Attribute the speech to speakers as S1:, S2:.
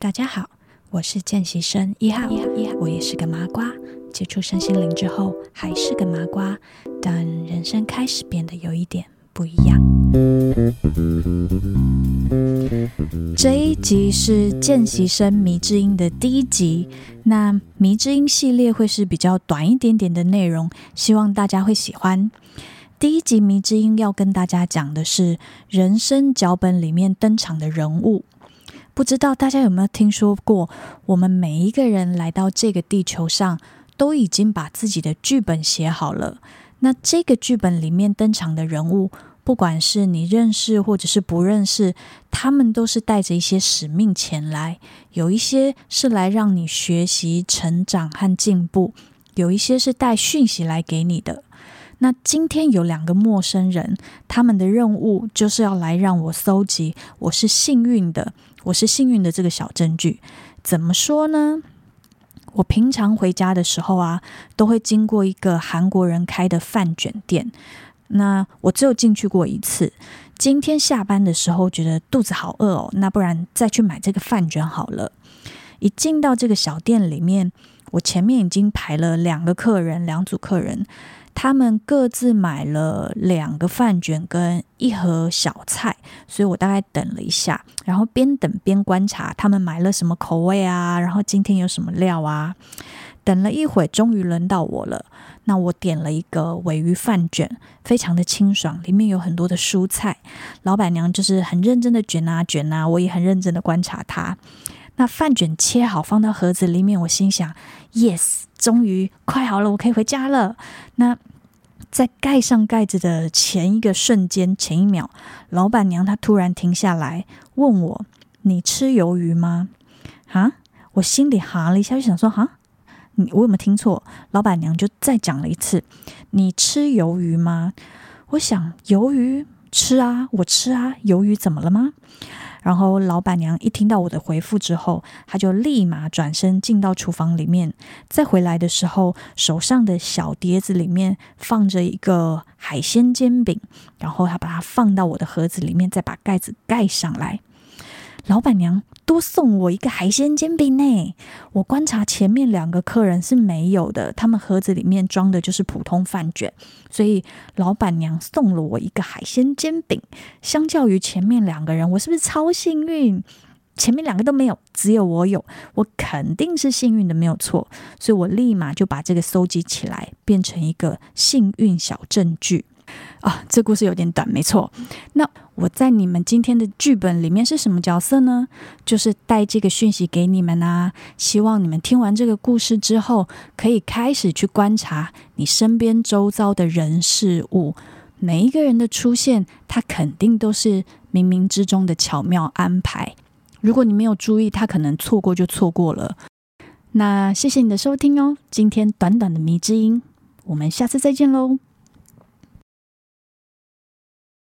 S1: 大家好，我是見習生一號，一號，一號，我也是個麻瓜。接觸身心靈之後，還是個麻瓜，但人生開始變得有一點不一樣。這一集是見習生迷之音的第一集。那迷之音系列會是比較短一點點的內容，希望大家會喜歡。第一集迷之音要跟大家講的是人生腳本裡面登場的人物。不知道大家有沒有聽說過，我們每一個人來到這個地球上，都已經把自己的劇本寫好了。那這個劇本裡面登場的人物，不管是你認識或者是不認識，他們都是帶着一些使命前來。有一些是來讓你學習成長和進步，有一些是帶訊息來給你的。那今天有兩個陌生人，他們的任務就是要來讓我搜集，我是幸運的，我是幸運的這個小證據。怎麼說呢？我平常回家的時候啊，都會經過一個韓國人開的飯卷店。那我只有進去過一次。今天下班的時候覺得肚子好餓哦，那不然再去買這個飯卷好了。一進到這個小店裡面。我前面已經排了兩個客人，兩組客人，他們各自買了兩個飯卷跟一盒小菜，所以我大概等了一下，然後邊等邊觀察他們買了什麼口味啊，然後今天有什麼料啊。等了一會，終於輪到我了。那我點了一個鮪魚飯卷，非常的清爽，裡面有很多的蔬菜。老闆娘就是很認真的捲啊捲啊，我也很認真的觀察她。那飯卷切好，放到盒子裡面，我心想，Yes，終於快好了，我可以回家了。那在蓋上蓋子的前一個瞬間、前一秒，老闆娘她突然停下來問我：“你吃魷魚嗎？”哈、啊，我心裡哈了一下，就想說：“哈、啊、我有沒有聽錯？”老闆娘就再講了一次：“你吃魷魚嗎？”我想，魷魚。吃啊，我吃啊，魷魚怎麼了嗎？然後老闆娘一聽到我的回復之後，她就立馬轉身進到廚房裡面，再回來的時候，手上的小碟子裡面放着一個海鮮煎餅，然後她把它放到我的盒子裡面，再把蓋子蓋上來。老闆娘多送我一個海鮮煎餅誒！我觀察前面兩個客人是沒有的，他們盒子裡面裝的就是普通飯捲，所以老闆娘送了我一個海鮮煎餅。相較於前面兩個人，我是不是超幸運？前面兩個都沒有，只有我有，我肯定是幸運的，沒有錯。所以我立馬就把這個收集起來，變成一個幸運小證據。啊、哦，這故事有點短，沒錯。那我在你們今天的劇本裡面是什麼角色呢？就是帶這個訊息給你們啊。希望你們聽完這個故事之後，可以開始去觀察你身邊周遭的人事物。每一個人的出現，他肯定都是冥冥之中的巧妙安排。如果你沒有注意，他可能錯過就錯過了。那謝謝你的收聽哦。今天短短的謎之音，我們下次再見嘍。